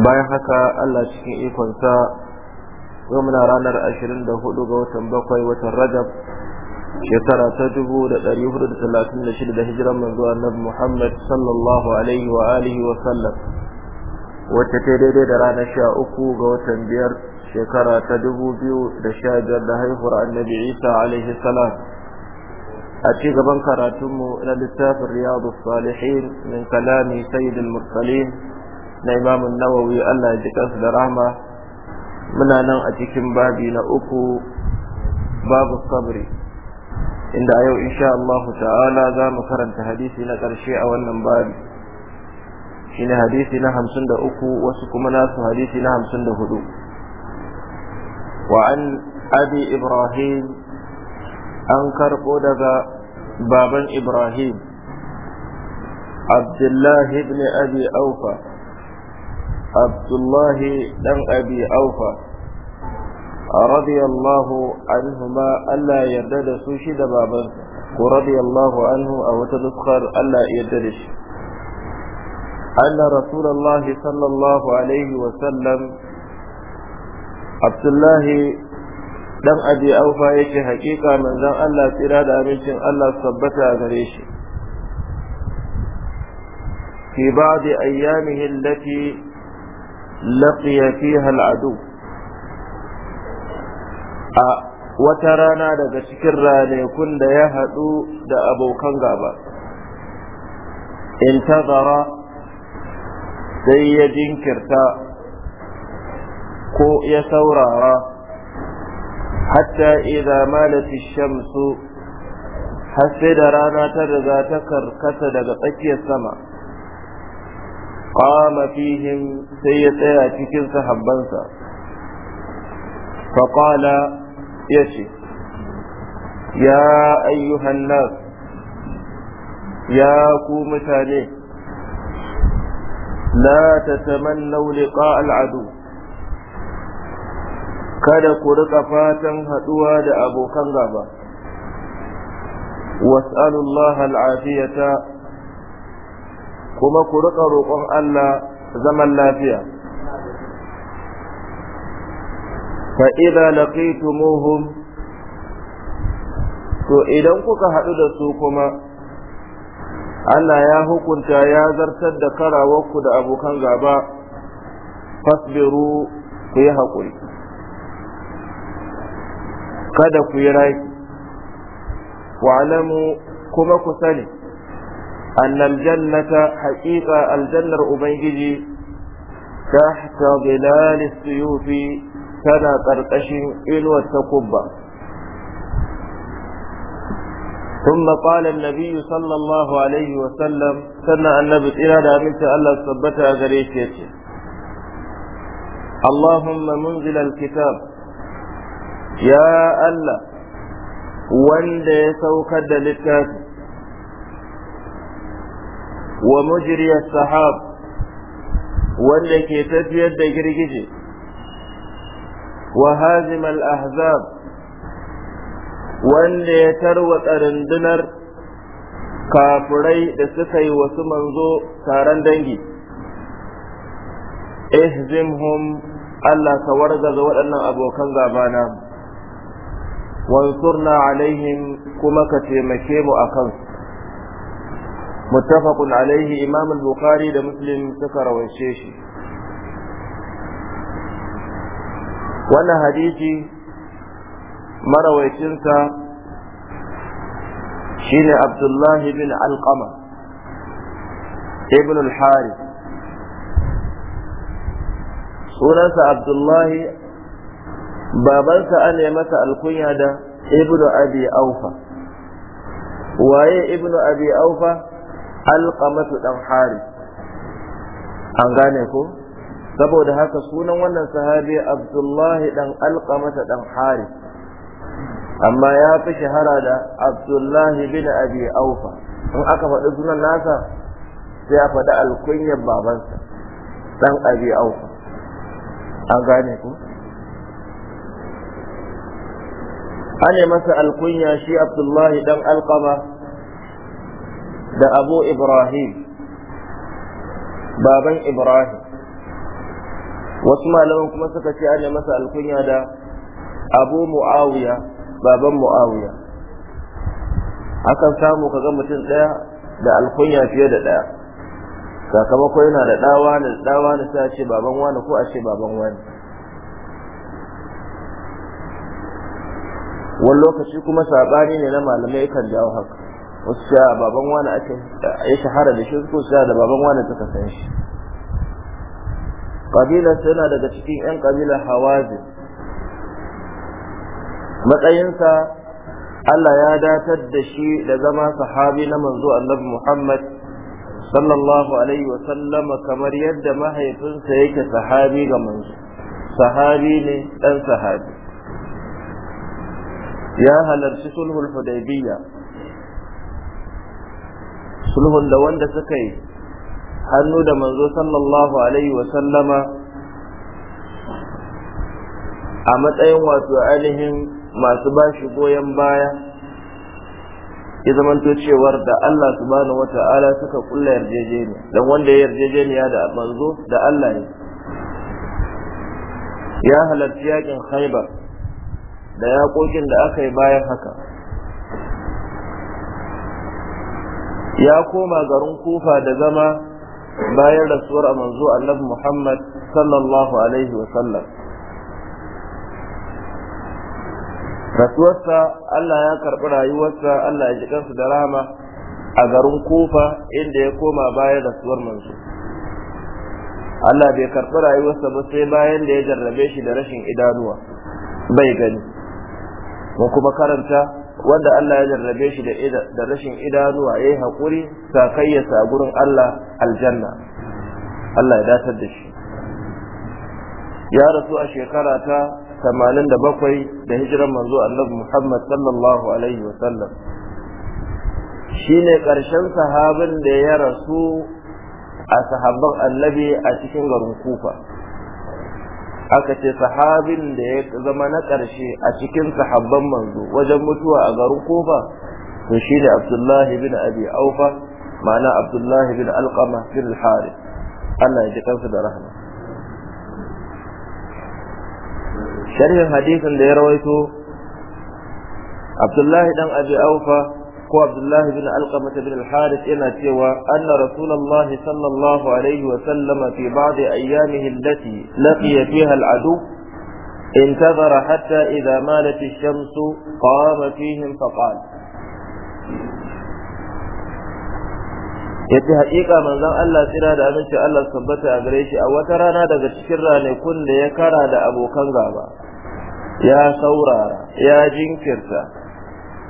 bayan haka Allah cikin ikonsa yau muna ranar 24 ga watan bakwai watan Rajab shekara ta 1436 da hijiran manzo Annabi Muhammad sallallahu alaihi wa alihi wa sallam wacce ta daidai da ranar 13 ga watan biyar shekara ta 2015 da haihuwar Annabi Isa alaihi salam a ci gaban karatunmu na littafin Riyadu Salihin min kalami Sayyidul Mursalin na Imam Nawawi Allah ya ji kansu da rahama. muna nan a cikin babi na uku babu sabri inda a yau insha Allah ta'ala za mu karanta hadisi na ƙarshe a wannan babi Shi ne hadisi na hamsin da uku wasu kuma nasu hadisi na hamsin da hudu وعن أبي إبراهيم أنكر قدب بابا إبراهيم عبد الله بن أبي أوفى abdullahi dan abi aufa radiyallahu anhuma Allah yarda da su shi da babansa ko radiyallahu anhu a wata Allah yarda da shi أن رسول الله صلى الله عليه وسلم عبد الله dan abi aufa yake hakika manzon Allah tsira da abincin Allah tabbata gare shi fi ba'di ayyamihi laqiya fiha al'adu a wata rana daga cikin ranakun da ya haɗu da abokan gaba intazara sai ya jinkirta ko ya saurara hatta idan malat shamsu har da rana ta riga ta karkata daga tsakiyar sama qama fihim sai ya tsaya cikin sahabbansa fa qala yace ya ayyuhan nas ya ku mutane la tatamannu liqa al'adu kada ku rika fatan haduwa da abokan gaba was'alullaha al kuma ku riƙa roƙon Allah zaman lafiya fa idza laqitumuhum to idan kuka haɗu da su kuma Allah ya hukunta ya zartar da karawarku da abokan gaba fasbiru ku yi haƙuri kada ku yi rai wa'alamu kuma ku sani annal jannata haqiqa aljannar ubangiji tahta bilal suyufi tana karkashin ilwar takubba ثم قال النبي صلى الله عليه وسلم سنة النبي إلى دامنة الله ثبتها غريش اللهم منزل الكتاب يا الله wanda ya saukar da littafi wa mujiriyar sahab wanda ke tafiyar da girgije wa hazimal ahzab wanda ya tarwatsa rundunar kafurai da suka yi wasu manzo taron dangi ihzimhum Allah ka wargaza waɗannan abokan gabana wansurna alaihim kuma ka taimake mu a kansu muttafaqun alaihi imam al-bukhari da muslim suka rawaice shi wannan hadisi marawaicinsa shine abdullahi bin alqama ibn al-harith sunansa abdullahi babansa ana masa alkunya da ibnu abi waye ibnu abi alqamatu dan hari, an gane ko saboda haka sunan wannan sahabi abdullahi dan alqamata dan hari. amma ya fi shahara da abdullahi bin abi aufa in aka faɗi sunan nasa sai ya faɗi alkunyar babansa dan abi aufa an gane ko Ane masa alkunya shi abdullahi dan alqama da abu ibrahim baban ibrahim wasu malaman kuma suka ce ana masa alkunya da abu mu'awiya baban mu'awiya akan samu kaga mutum ɗaya da alkunya fiye da ɗaya sakamako yana da ɗawa ne ɗawa ne sai a ce baban wani ko a ce baban wani wani lokaci kuma saɓani ne na malamai kan jawo haka wasu cewa baban wani aka ya shahara da shi ko cewa da baban wani suka san shi kabilar tana daga cikin yan kabilar hawazi matsayinsa Allah ya datar da shi da zama sahabi na manzo annabi Muhammad sallallahu alaihi wa sallama kamar yadda mahaifinsa yake sahabi ga manzo sahabi ne dan sahabi ya halarci sulhul hudaybiyya sulhun da wanda suka yi hannu da manzo sallallahu alaihi wa sallama a matsayin wato ainihin masu bashi goyon baya ya zamanto cewar da Allah subhanahu ta'ala suka kulla yarjejeniya don wanda ya yarjejeniya da manzo da Allah ne ya halarci yakin haiba da yakokin da aka yi bayan haka ya koma garin kufa da zama bayan rasuwar a manzo annabi muhammad sallallahu alaihi wa sallam. rasuwarsa allah ya karɓi rayuwarsa allah ya ji da rama a garin kufa inda ya koma bayan rasuwar manzo allah bai karɓi rayuwarsa ba sai bayan da ya jarrabe shi da rashin idanuwa bai gani mun kuma karanta wanda Allah ya jarrabe shi da rashin idanuwa yayi hakuri sa a gurin Allah aljanna Allah ya datar da shi ya rasu a shekara ta 87 da hijiran manzo Annabi Muhammad sallallahu alaihi wa sallam shine karshen sahabin da ya rasu a sahabban Annabi a cikin garin Kufa aka ce sahabin da ya zama na ƙarshe a cikin sahabban manzo wajen mutuwa a garin kofa to shi ne abdullahi bin abi aufa ma'ana abdullahi bin alƙama bin harith allah ya ji kansu da rahama sharhin hadisin da ya rawaito abdullahi dan abi aufa ko Abdullah bin Alqamah bin Al-Harith yana cewa anna Rasulullah sallallahu alaihi wa sallama fi ba'd ayyamihi allati laqiya fiha al-adu انتظر حتى إذا مالت الشمس قام فيهم فقال yace haƙiƙa manzon Allah tsira da aminci Allah tabbata a gare shi a wata rana daga cikin ranakun da ya kara da abokan gaba ya saurara ya jinkirta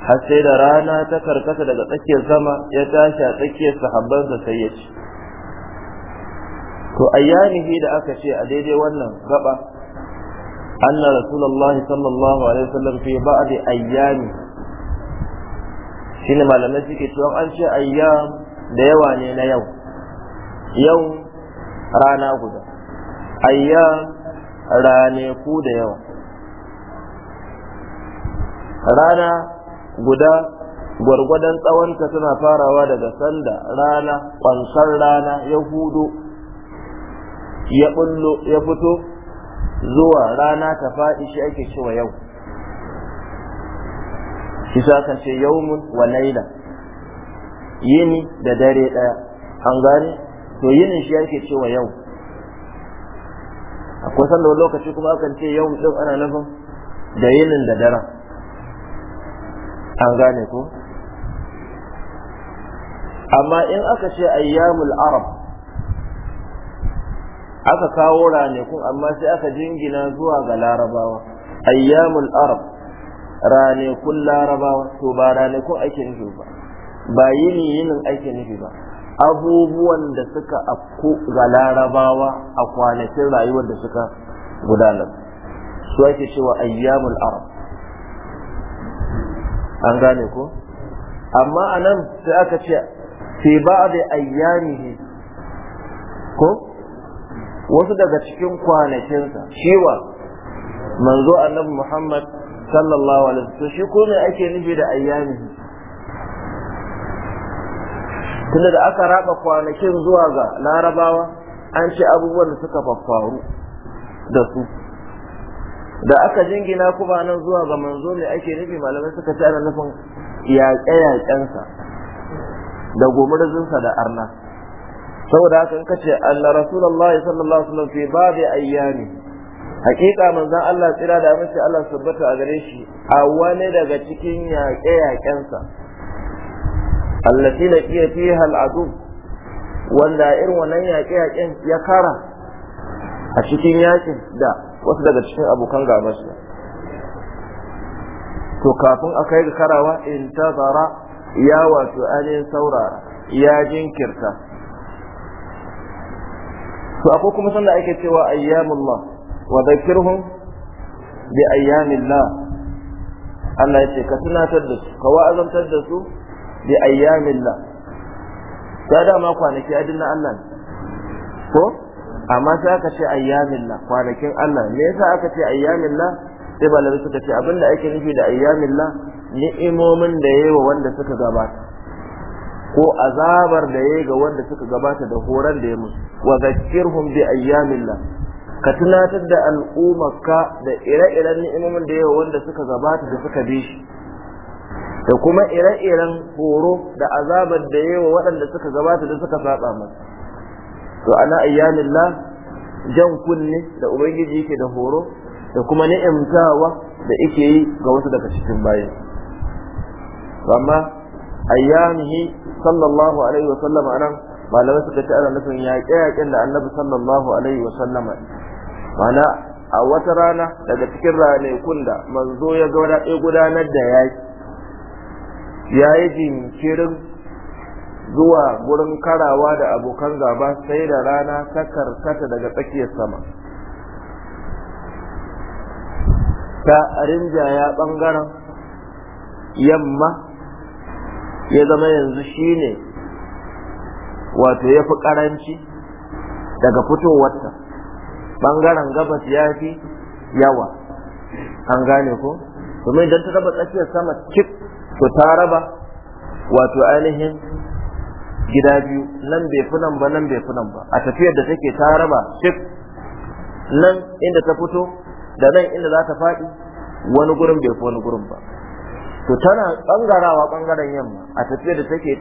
har sai da rana ta karkasa daga tsakiyar sama ya tashi a tsakiyar sahabbansa sai ya ci to ayyanihi da aka ce a daidai wannan gaba anna rasulullahi sallallahu alaihi wasallam fi ba'd ayyami shine malamai suke cewa an ce ayyam da yawa ne na yau yau rana guda ayyam rane ku da yawa rana guda gwargwadon tsawonta tana farawa daga sanda rana kwansar rana ya hudu, ya bullo ya fito zuwa rana ta faɗi shi ake cewa yau isa kan ce yaumun wa laila yini da dare ɗaya an gane to yinin shi ake cewa yau akwai sanda lokaci kuma akan ce yau ɗin ana nufin da yinin da daren an gane ko amma in aka ce ayyamul arab aka kawo ranakun amma sai aka jingina zuwa ga larabawa ayyamul arab ranakun larabawa to ba ranakun ake nufi ba ba yini yinin ake nufi ba abubuwan da suka afku ga larabawa a kwanakin rayuwar da suka gudanar su ake cewa ayyamul arab an gane ko amma anan nan sai aka ce fi ba'd ayyamihi ko wasu daga cikin kwanakinsa shiwa manzo annabi Muhammad sallallahu alaihi wasallam shi ko ake nufi da ayyamihi tunda da aka raba kwanakin zuwa ga larabawa an ce abubuwan da suka faffaru da su da aka jingina kuma nan zuwa ga manzo ne ake nufi malamai suka ci ana nufin yaƙe-yaƙensa da gumurzunsa da arna saboda haka in kace anna rasulullahi sallallahu alaihi wasallam fi babi ayyami hakika manzon Allah tsira da amince Allah subhanahu a gare shi a wani daga cikin yaƙe-yaƙensa allati laqiya fiha al'adu wanda irin wannan yaƙe-yaƙen ya kara a cikin yaƙin da wasu daga cikin abokan gabarsa to kafin a kai ga karawa in ta zara ya wato ainihin saurara ya jinkirta to akwai kuma sanda ake cewa ayyamullah wa zakirhum bi ayyamillah Allah ya ce ka tunatar da su ka wa'azantar da su bi ayyamillah ta dama kwanaki adin na Allah ko amma sai aka ce ayyamillah kwanakin Allah me yasa aka ce ayyamillah sai malamai suka ce abinda ake nufi da ayyamillah ni'imomin da yayi wa wanda suka gabata ko azabar da yayi ga wanda suka gabata da horar da ya wa zakkirhum bi ayyamillah ka tunatar da al'ummarka da ire-iren ni'imomin da yawa wanda suka gabata da suka bi shi da kuma ire-iren horo da azabar da yawa waɗanda suka gabata da suka saba masa to ana ayyanillah jan kunne da ubangiji yake da horo da kuma ni'imtawa da yake yi ga wasu daga cikin bayi, amma ayyamihi sallallahu alaihi wa sallama anan malamai suka ce ana nufin yaƙe-yaƙen da annabi sallallahu alaihi wa sallama mana a wata rana daga cikin ranakun da manzo ya ga gudanar da yaƙi ya yi jinkirin zuwa gurin karawa da abokan gaba sai da rana ta karkata daga tsakiyar sama ta rinjaya bangaren yamma ya zama yanzu shine wato ya fi karanci daga fitowarta bangaren gabas ya fi yawa an gane ko domin idan ta raba tsakiyar sama cik to ta raba wato ainihin gida biyu nan bai fi nan ba nan bai fi nan ba a tafiyar da take ta raba cik nan inda ta fito da nan inda za ta faɗi wani gurin bai fi wani gurin ba to tana bangarawa bangaren yamma a tafiyar da take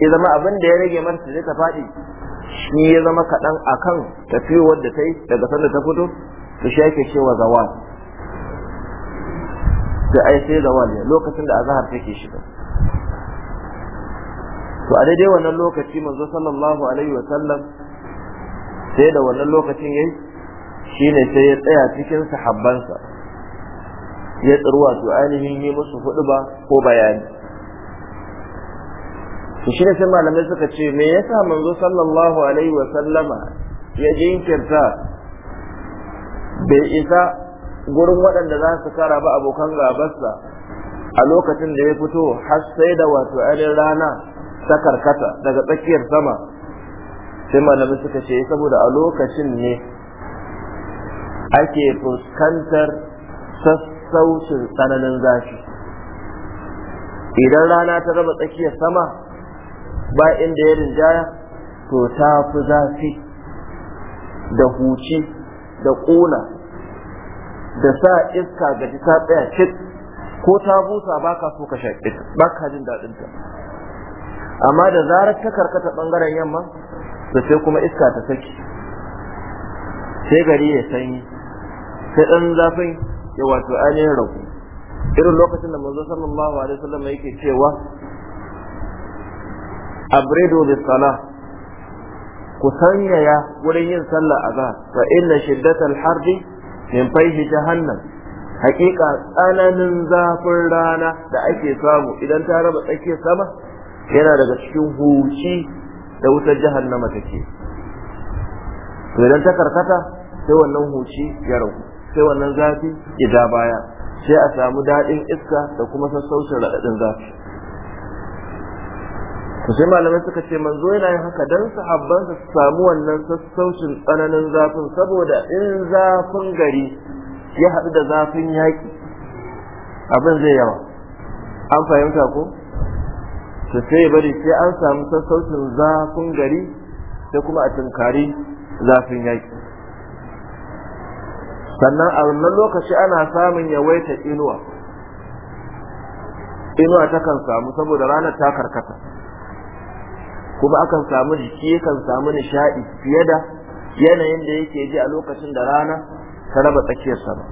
ya zama abin da ya rage mata ta ta faɗi shi ya zama kaɗan akan tafiyar da ta yi daga sanda ta fito to shi yake cewa zawal da ai sai zawal lokacin da azhar take shiga to a daidai wannan lokaci manzo sallallahu alaihi wa sallam sai da wannan lokacin yayi shine sai ya tsaya cikin sahabbansa ya tsirwa to ainihin yi musu hudu ba ko bayani to shine sai malamai suka ce me yasa manzo sallallahu alaihi wa sallama ya jinkirta bai isa gurin waɗanda za su kara ba abokan gabarsa a lokacin da ya fito har sai da wato ainihin rana ta karkata daga tsakiyar sama sai malamai suka ce eh, saboda a lokacin ne ake fuskantar sassaucin tsananin zafi idan rana ta raba tsakiyar sama ba inda ya rinjaya to ta fi zafi da huci da ƙuna da sa iska gaji ta tsaya cik ko ta busa ba ka so ka shaƙi ka jin daɗinta amma da zarar ta karkata bangaren yamma to sai kuma iska ta saki sai gari ya sanyi sai dan zafin ya wato ainihin ragu irin lokacin da manzo sallallahu alaihi wasallam yake cewa abridu bis salah ku sanyaya wurin yin sallah azhar fa inna shiddatal harbi min fayhi jahannam hakika tsananin zafin rana da ake samu idan ta raba tsakiyar sama yana daga cikin huci da wutar jahannama take to idan ta karkata sai wannan huci ya ragu sai wannan zafi ya baya sai a samu daɗin iska da kuma sassaucin raɗaɗin zafi to sai malamai suka ce manzo yana yin haka dan sahabban su samu wannan sassaucin tsananin zafin saboda in zafin gari ya haɗu da zafin yaki abin zai yawa an fahimta ko to sai bari sai an samu sassaucin zafin gari sai kuma a tunkari zafin yaki sannan a wannan lokaci ana samun yawaita inuwa inuwa ta kan samu saboda ranar ta karkata kuma akan samu jiki kan samu nishaɗi fiye da yanayin da yake ji a lokacin da rana ta raba tsakiyar sama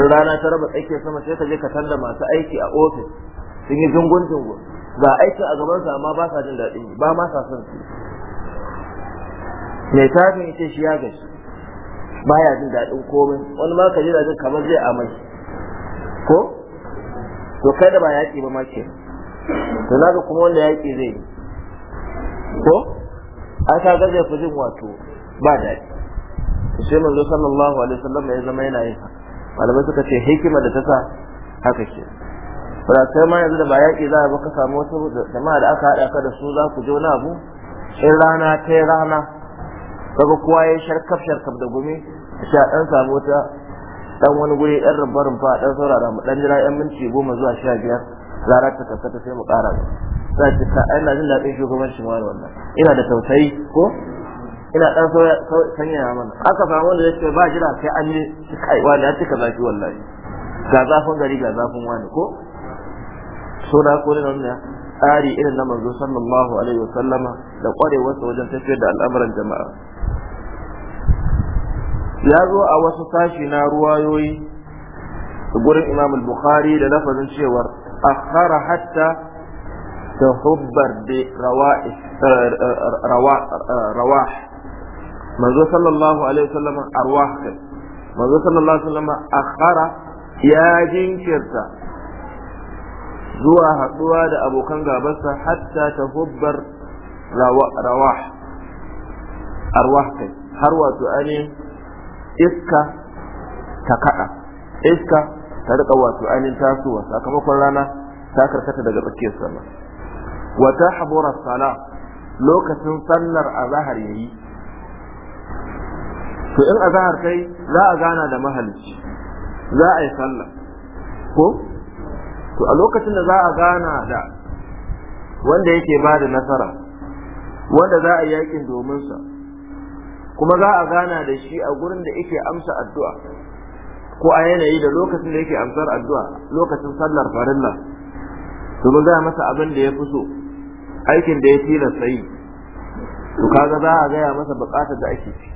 in rana ta raba tsakiyar sama sai ka je ka tanda masu aiki a ofis sun yi zungun zungun ga aikin a gabansa amma ba sa jin daɗi ba ma sa son su mai tafin ita shi ya gashi ya jin daɗin komai wani ma ka ji daɗin kamar zai amai ko to kai da ba yaƙi ba ma ke to na kuma wanda yaƙi zai yi ko a ka ga zai fi jin wato ba daɗi sai manzo sallallahu alaihi wasallam ya zama yana yin haka malamai suka ce hikima da ta sa haka ke ba ta ma yanzu da ba yaƙi za a ba ka samu wasu jama'a da aka haɗa ka da su za ku je wani abu in rana ta rana kaga kowa ya sharkaf sharkaf da gumi a sha ɗan samu wata ɗan wani guri ɗan rabba rumfa ɗan saurara mu ɗan jira ɗan minti goma zuwa sha biyar zara ta kaskata sai mu ƙara za ki ka ina jin daɗin shugabancin wani wannan ina da tausayi ko ina ɗan sanyaya mana aka samu wanda ya ce ba jira sai an yi kai wani ya cika zafi wallahi ga zafin gari ga zafin wani ko so da ko nan ne tsari irin na manzo sallallahu alaihi wa sallama da kwarewarsa wajen tafiyar da al'amuran jama'a ya zo a wasu sashi na ruwayoyi gurin Imam al-Bukhari da lafazin cewar akhara hatta ta bi rawa'ih rawah manzo sallallahu alaihi wa sallama arwah manzo sallallahu alaihi wa sallama akhara ya jinkirta zuwa haɗuwa da abokan gabansa hatta ta hubbar rawah arwah kai har wato ane iska ta kaɗa iska ta riƙa wato ainihin tasowa sakamakon rana ta karkata daga tsakiyar sallah wa ta habura sala lokacin sallar azahar yayi to in azahar kai za a gana da mahalicci za a yi sallah ko to a lokacin da za a gana da wanda yake ba da nasara wanda za a yakin domin sa kuma za a gana da shi a gurin da yake amsa addu'a ko a yanayi da lokacin da yake amsar addu'a lokacin sallar farilla to mun ga masa abin da ya fi so aikin da ya tilasta yi to kaga za a gaya masa bukatar da ake ci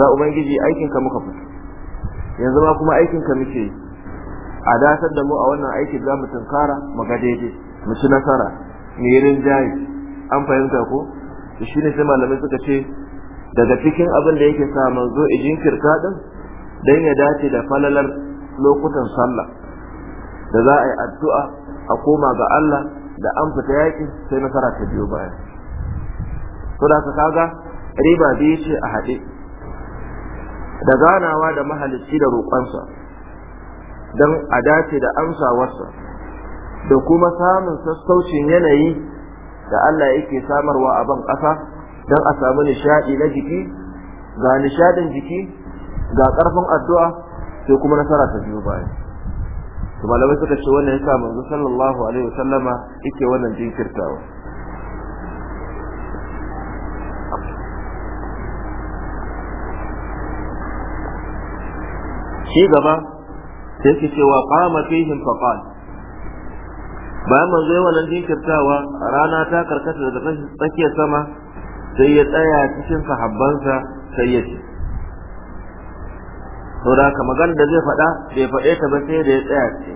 ya ubangiji aikin ka muka fito yanzu ma kuma aikin ka muke yi a dasar da mu a wannan aiki za mu tunkara mu ga mu ci nasara mu yi rinjaye an fahimta ko to shine sai malamai suka ce daga cikin abin da yake sa manzo ijin kirka din dan ya dace da falalar lokutan sallah da za a yi addu'a a koma ga Allah da an fita yakin sai nasara ta biyo baya to da kaga riba biyu ce a hade? da ganawa da mahalicci da roƙonsa don a dace da amsa wasa da kuma samun sassaucin yanayi da Allah yake samarwa a ban ƙasa don a samu nishaɗi na jiki ga nishaɗin jiki ga ƙarfin addu'a sai kuma nasara ta biyu baya to malamai suka ce wannan yasa manzo sallallahu alaihi wasallama yake wannan jinkirtawa shi gaba sai ke cewa kama fihim faqal bayan manzo yawan nan jinkirtawa rana ta karkata daga tsakiyar sama sai ya tsaya cikin sahabbansa sai ya ce da haka magana da zai faɗa bai faɗe ta ba sai da ya tsaya ce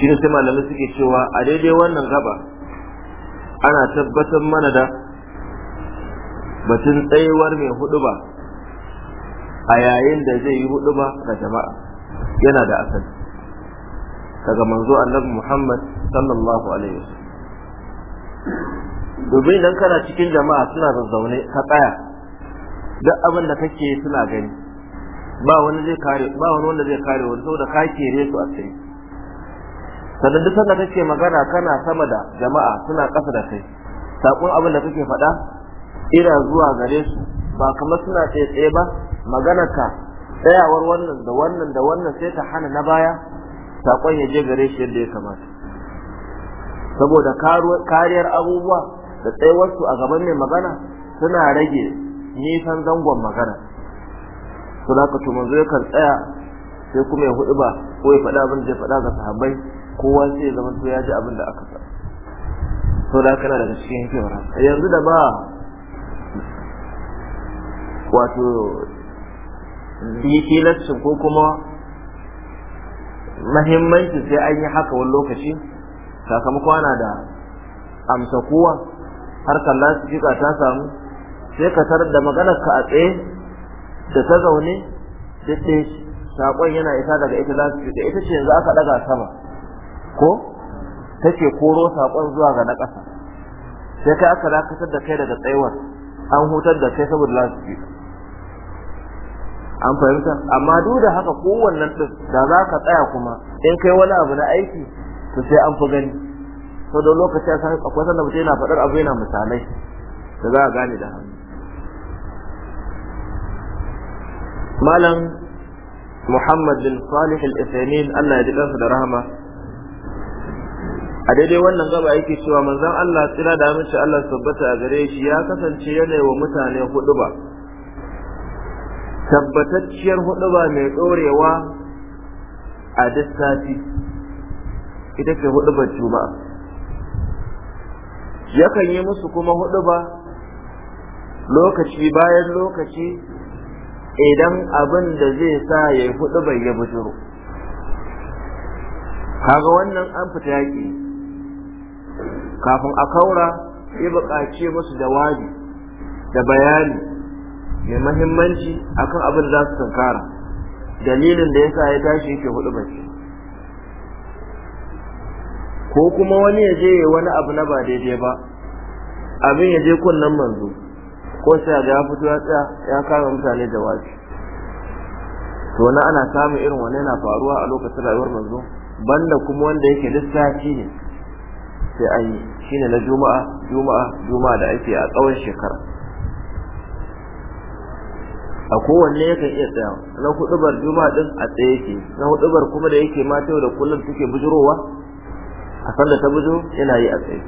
shi ne sai malamai suke cewa a daidai wannan gaba ana tabbatar mana da batun tsayuwar mai hudu ba a yayin da zai yi hudu ba ga jama'a yana da asali daga manzo annabi Muhammad sallallahu alaihi wasallam domin idan kana cikin jama'a suna zazzaune ka tsaya duk abin da kake suna gani ba wani zai kare ba wani wanda zai kare wani saboda ka kere su a sai sannan duk sanda kake magana kana sama da jama'a suna kasa da kai sakon abin da kake faɗa ina zuwa gare su ba kamar suna tsaye tsaye ba maganarka tsayawar wannan da wannan da wannan sai ta hana na baya sakon ya je gare shi yadda ya kamata saboda kariyar abubuwa da tsayawarsu a gaban mai magana suna rage nisan zangon magana su na ka ya kan tsaya sai kuma ya hudu ba ko ya faɗa abin da zai faɗa ga sahabbai kowa sai ya zama ya ji abin da aka sa sau da kana daga cikin hikimar yanzu da ba wato yi ko kuma mahimmanci sai an yi haka wani lokaci sakamakon ana da amsa kowa har kalla su jika ta samu sai ka tarar da maganar a tsaye da ta zaune duk ɗaya saƙon yana isa daga ita za su da ita ce yanzu aka ɗaga sama ko ta ke koro saƙon zuwa ga na ƙasa sai kai aka dakatar da kai daga tsayuwar an hutar da kai saboda lasu an fahimta amma duk da haka kowannen din da za ka tsaya kuma in kai wani abu na aiki to sai an fi gani sau da lokaci a sanar akwai sanda mutum yana faɗar abu yana misalai da za ka gane da hannu malam muhammad bin salih al-isamin allah ya ji dansa da rahama a daidai wannan gaba yake cewa manzon allah tsira da aminci allah tabbata a gare shi ya kasance yanayi wa mutane hudu ba tabbatacciyar huduba mai ɗorewa a duk ita ce hudubar juma'a yakan yi musu kuma huduba lokaci bayan lokaci idan abin da zai sa ya yi hudubar ya bujuro kaga wannan an fita yake kafin a kaura ya buƙaci musu jawabi da bayani mai mahimmanci akan abin da za su tunkara dalilin da yasa ya tashi yake hudu bacci ko kuma wani ya je wani abu na ba daidai ba abin ya je kunnen manzo ko sai ga ya fito ya tsaya ya kama mutane da wasu to na ana samun irin wannan yana faruwa a lokacin rayuwar manzo banda kuma wanda yake lissafi ne sai an yi shine na juma'a juma'a juma'a da ake a tsawon shekara a kowanne yakan iya tsaya na hudubar juma'a din a tsaye yake na hudubar kuma da yake mata da kullum take bujurowa a sanda ta bujo yana yi a tsaye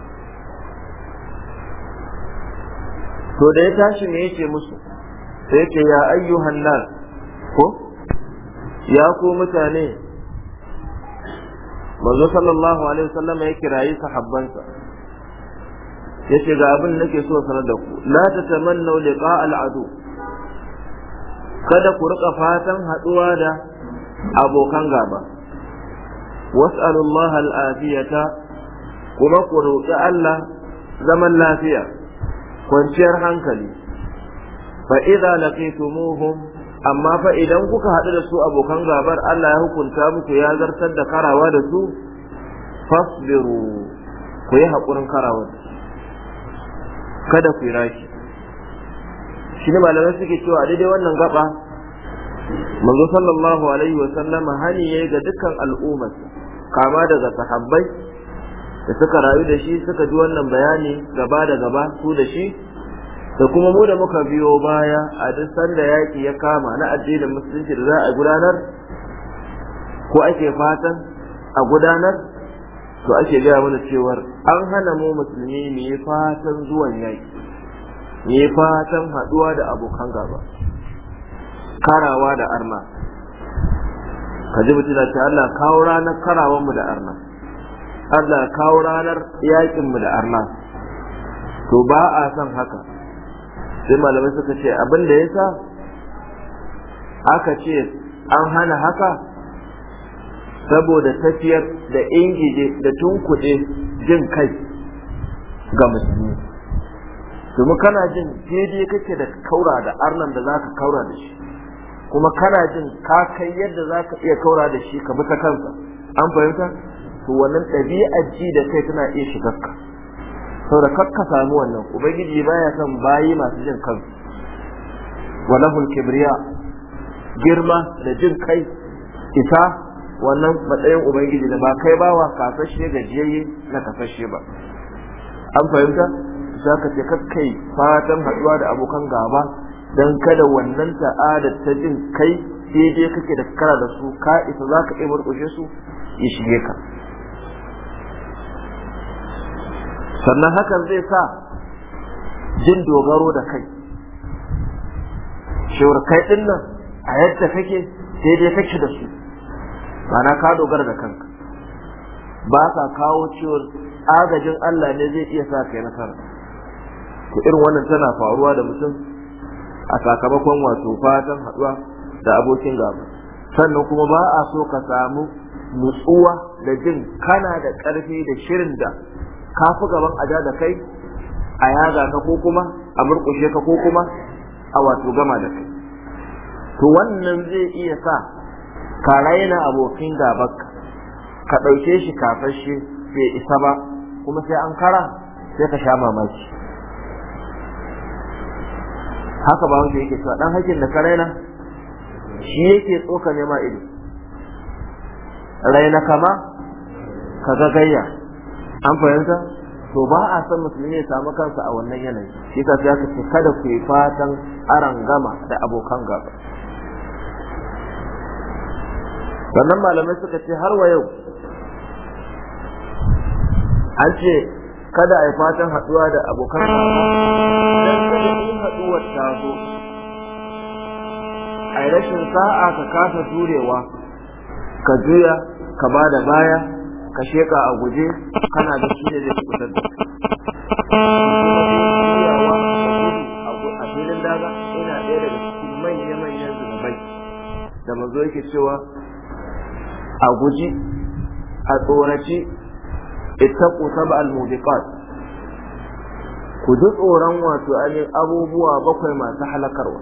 to da ya tashi ne yake musu sai yake ya ayyuhan nan, ko ya ku mutane manzo sallallahu alaihi wasallam ya kirayi sahabbansa yace ga abin nake so sanar da ku la tatamannu liqa al adu kada ku riƙa fatan haɗuwa da abokan gaba wasu al'afiyata kuma ku roƙi Allah zaman lafiya kwanciyar hankali fa idza laqitumuhum amma fa idan kuka haɗu da su abokan gabar Allah ya hukunta muku ya zartar da karawa da su fasbiru ku yi haƙurin karawa kada ku yi rashi shi ne malamai suke cewa daidai wannan gaba manzo sallallahu alaihi wa sallama hani yayi ga dukkan al'ummar kama daga sahabbai da suka rayu da shi suka ji wannan bayani gaba da gaba su da shi da kuma mu da muka biyo baya a duk sanda yaki ya kama na addinin musulunci da za a gudanar ko ake fatan a gudanar to ake gaya mana cewar an hana mu musulmi mu fatan zuwan yaki ne fatan haɗuwa da abokan gaba karawa da arna ka ji mutu ce Allah kawo ranar karawanmu da arna Allah kawo ranar yaƙinmu da arna to ba a son haka sai malamai suka ce abin da ya sa aka ce an hana haka saboda tafiyar da ingije da tunkuɗe jin kai ga musulmi kuma kana jin daidai kake da kaura da arnan da zaka kaura da shi kuma kana jin ka kai yadda zaka iya kaura da shi ka bi kansa an fahimta to wannan ɗabi'ar ji da kai tana iya shigar ka saboda kakka samu wannan ubangiji baya son bayi masu jin kansu walahul kibriya girma da jin kai ita wannan matsayin ubangiji da ba kai bawa kasashe gajiyayye na kasashe ba an fahimta za ka ce kai fatan haɗuwa da abokan gaba don kada wannan ta'adar ta jin kai daidai kake da kara da su ka isa za ka ɗaya barƙoshe su ya shige ka sannan hakan zai sa jin dogaro da kai shewar kai ɗin nan a yadda kake daidai kake da su ma'ana ka dogara da kanka ba sa kawo ciwon agajin Allah ne zai iya sa kai nasara to irin wannan tana faruwa da mutum a sakamakon wato fatan haɗuwa da abokin gaba sannan kuma ba a so ka samu nutsuwa da jin kana da ƙarfi da shirin da ka fi gaban aja da kai a yaga ka ko kuma a murƙushe ka ko kuma a wato gama da kai to wannan zai iya sa ka raina abokin gabanka ka ɗauke shi kafashe bai isa ba kuma sai an kara sai ka sha mamaki haka ba wanda yake cewa dan hakin da ka raina shi yake tsoka nema ido raina kama ka gagayya an fahimta to ba a san musulmi ya samu kansa a wannan yanayi shi ka ya ce kada ku fatan aran gama da abokan gaba sannan malamai suka ce har wa yau an ce kada a yi fatan haɗuwa da abokan haɗuwar ta a rashin sa'a ka kasa turewa ka juya ka ba da baya ka sheka a guje kana da shi ne da su kusa da a filin daga yana ɗaya daga cikin manya-manyan zubai da mazo yake cewa a guji a tsoraci ittaqu sab'al mudiqat ku ji tsoron wato ainihin abubuwa bakwai masu halakarwa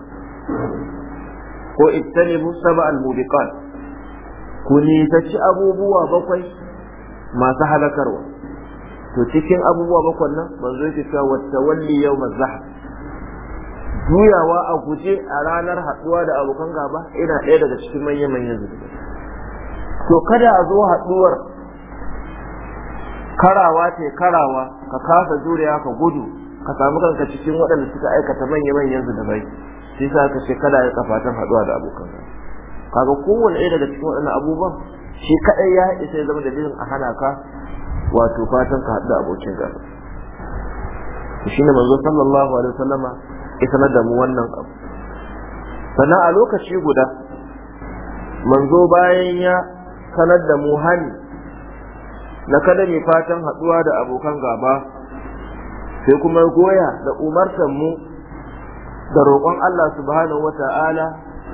ko ittanibu sab'al mudiqat ku nisaci abubuwa bakwai masu halakarwa to cikin abubuwa bakwai nan manzo yake cewa wata walli yau mazahab juyawa a guje a ranar haɗuwa da abokan gaba ina ɗaya daga cikin manya-manyan zuciya to kada a zo haɗuwar karawa ce karawa ka kasa juriya ka gudu ka samu kanka cikin waɗanda suka aikata manya manyan bai shi sa ka ce kada ya kafatan haɗuwa da abokan kaga kowanne ɗaya daga cikin waɗannan abubuwan shi kaɗai ya haɗe sai zama dalilin a hana ka wato fatan ka haɗu da abokin ka. shi ne manzo sallallahu alaihi wasallama ya sanar da mu wannan abu sannan a lokaci guda manzo bayan ya sanar da mu hani na kada mai fatan haɗuwa da abokan gaba sai kuma goya da umartar mu da roƙon Allah subhanahu wa ta'ala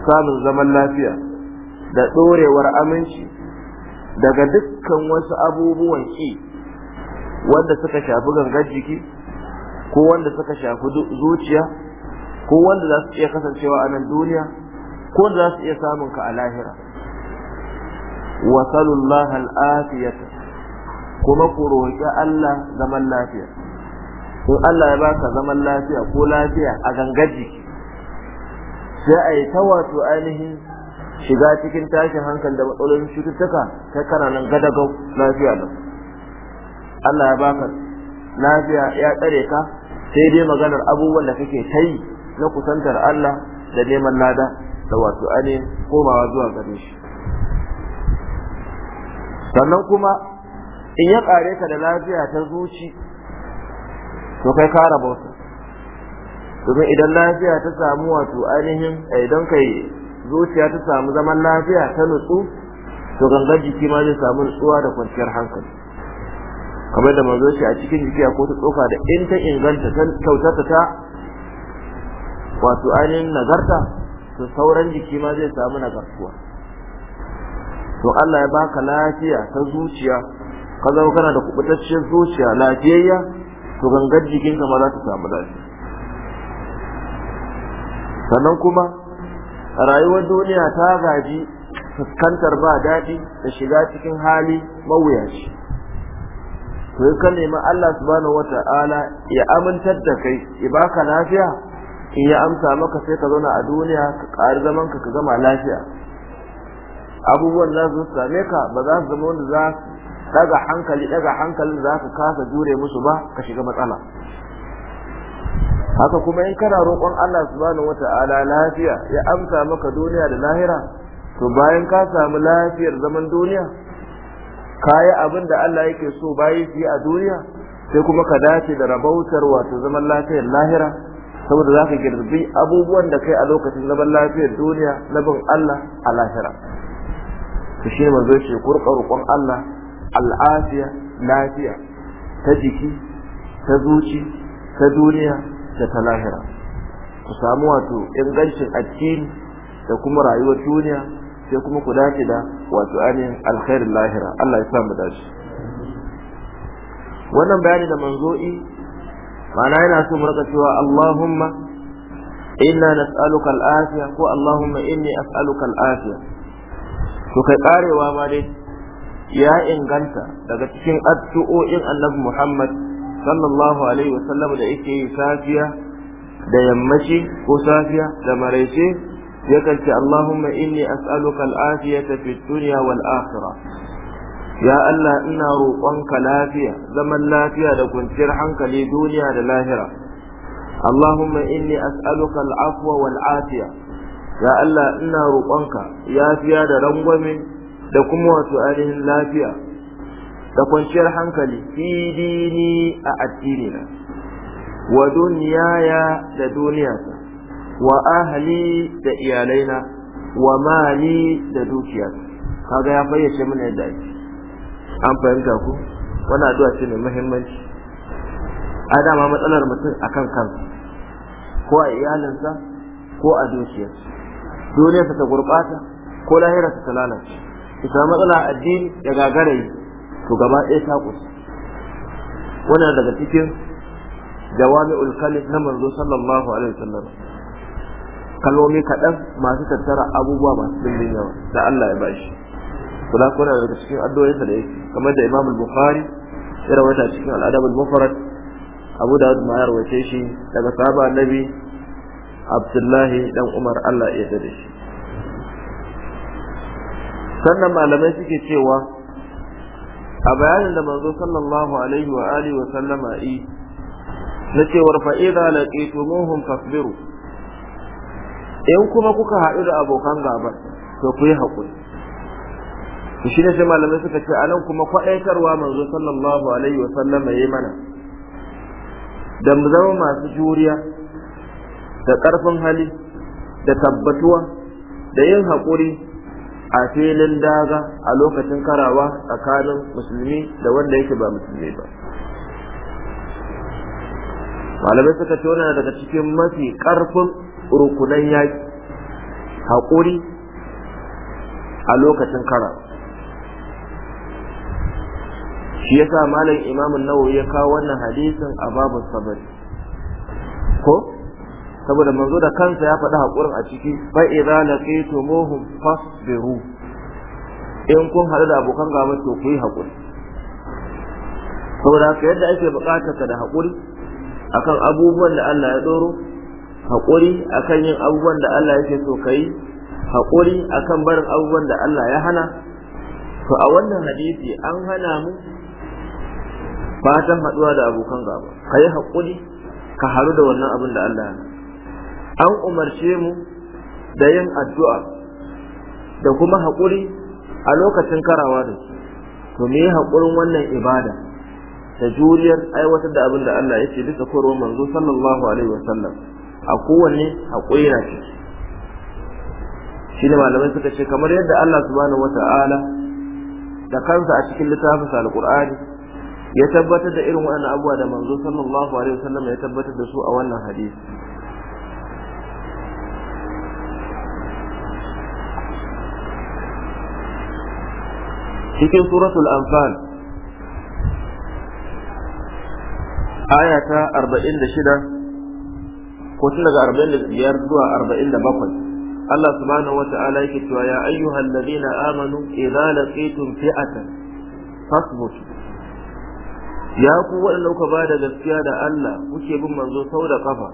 samun zaman lafiya da ɗorewar aminci daga dukkan wasu abubuwan ƙi wanda suka shafi gangar jiki ko wanda suka shafi zuciya ko wanda za su iya kasancewa a nan duniya ko wanda za su iya samun ka a lahira wa Al kuma ku roƙi Allah zaman lafiya in Allah ya baka zaman lafiya ko lafiya a gangaji sai a yi ta wato ainihin shiga cikin tashin hankali da matsalolin cututtuka ta kana gadagau lafiya da Allah ya baka lafiya ya tsare ka sai dai maganar abubuwan da kake ta yi na kusantar Allah da neman lada da wato ainihin komawa zuwa gare shi sannan kuma in ya kare ka da lafiya ta zuci to kai ka rabo su domin idan lafiya ta samu wato ainihin eh, idan kai zuciya ta samu zaman lafiya ta nutsu to gangan jiki ma zai samu nutsuwa da kwanciyar hankali kamar da manzo shi a cikin jiki a kotu tsoka da in ta inganta ta kyautata ta wato ainihin nagarta to sauran jiki ma zai samu nagartuwa to Allah ya baka lafiya ta zuciya ka zama kana da kubutacciyar zuciya lafiyayya to gangar jikinka ma za ta samu lafiya sannan kuma rayuwar duniya ta gaji fuskantar ba daɗi da shiga cikin hali mawuyaci to ka nemi Allah subhanahu wata'ala ya amintar da kai ya baka lafiya in ya amsa maka sai ka zauna a duniya ka ƙari zaman ka ka gama lafiya abubuwan za su same ka ba za su zama wanda za su daga hankali daga hankalin za ka kasa jure musu ba ka shiga matsala haka kuma in kana roƙon Allah subhanahu wata'ala lafiya ya amsa maka duniya da lahira to bayan ka samu lafiyar zaman duniya ka abin da Allah yake so bayi shi a duniya sai kuma ka dace da rabautar wato zaman lafiyar lahira saboda za ka girbi abubuwan da kai a lokacin zaman lafiyar duniya na bin Allah a lahira to shi manzo ce kurƙa roƙon Allah al'afiya lafiya ta jiki ta zuci ta duniya da ta lahira ku samu wato ingancin addini da kuma rayuwar duniya sai kuma ku dace da wato ainihin alkhairin lahira Allah ya samu dace wannan bayani da manzo'i ma'ana yana so mu rika cewa Allahumma inna nas'aluka al ko Allahumma inni as'aluka al to kai karewa ma dai ya inganta daga cikin addu'o'in annabi Muhammad sallallahu alaihi wasallam da yake yi safiya da yammaci ko safiya da maraice ya ce Allahumma inni as'aluka al-afiyata fid dunya wal akhirah ya Allah ina roƙonka lafiya zaman lafiya da kwanciyar hankali duniya da lahira Allahumma inni as'aluka al-afwa wal afiya ya Allah ina roƙonka yafiya da rangwame da kuma wato ainihin lafiya da kwanciyar hankali fi dini a addini na wa duniyaya da duniyata wa ahali da iyalaina wa mali da dukiyata kaga ya fayyace mana yadda ake an fahimta ku wannan addu'a ce mai muhimmanci a dama matsalar mutum akan kansa ko a iyalinsa ko a dukiyarsa duniyarsa ta gurɓata, ko lahirarsa ta lalace su matsala addini ya gagara to gaba ɗaya ta kusa wannan daga cikin jawami ulkali na manzo sallallahu alaihi wasallam kalomi kaɗan masu tattara abubuwa masu dimbin yawa da Allah ya bashi to da kuna daga cikin addu'o'in da yake kamar da Imam Bukhari ya rawaita cikin al-Adab al-Mufrad Abu Dawud ma ya shi daga sahaba Annabi Abdullahi dan Umar Allah ya yarda shi sannan malamai suke cewa a bayanin da manzo sallallahu alaihi wa alihi wa sallama yi na cewar fa idza laqitumuhum fasbiru in kuma kuka haɗu da abokan gaba to ku yi haƙuri to ne sai malamai suka ce anan kuma kwaɗaitarwa manzo sallallahu alaihi wa sallama yayi mana da mu zama masu juriya da ƙarfin hali da tabbatuwa da yin haƙuri a filin daga a lokacin karawa tsakanin musulmi da wanda yake ba musulmi ba malamai suka ce daga cikin mafi karfin rukunan yaki haƙuri a lokacin kara shi yasa malam imamun nawawi ya kawo wannan hadisin a babu sabari ko saboda manzo da kansa ya faɗi haƙurin a ciki fa idza laqitumuhum fasbiru in kun haɗu da abokan gaba to ku yi haƙuri saboda haka yadda ake buƙatar ka da haƙuri akan abubuwan da Allah ya doro haƙuri akan yin abubuwan da Allah yake so kai haƙuri akan barin abubuwan da Allah ya hana to a wannan hadisi an hana mu fatan haɗuwa da abokan gaba ka yi haƙuri ka haru da wannan abin da Allah ya hana an umarce mu da yin addu'a da kuma haƙuri a lokacin karawa da su to me haƙurin wannan ibada da juriyar aiwatar da abin da Allah ya bisa korowar manzo sallallahu alaihi wa sallam, a kowanne haƙuri na ciki shi ne malamai suka ce kamar yadda Allah subhanahu wata'ala da kansa a cikin littafin alqur'ani ya tabbatar da irin waɗannan abubuwa da manzo sallallahu alaihi wa sallam, ya tabbatar da su a wannan hadisi cikin suratul anfal aya ta 46 ko tun daga 45 zuwa 47 Allah subhanahu wata'ala yake cewa ya ayyuhal ladina amanu idza laqitum fi'atan fasbutu ya ku waɗanda kuka ba da gaskiya da Allah kuke bin manzo sau da kafa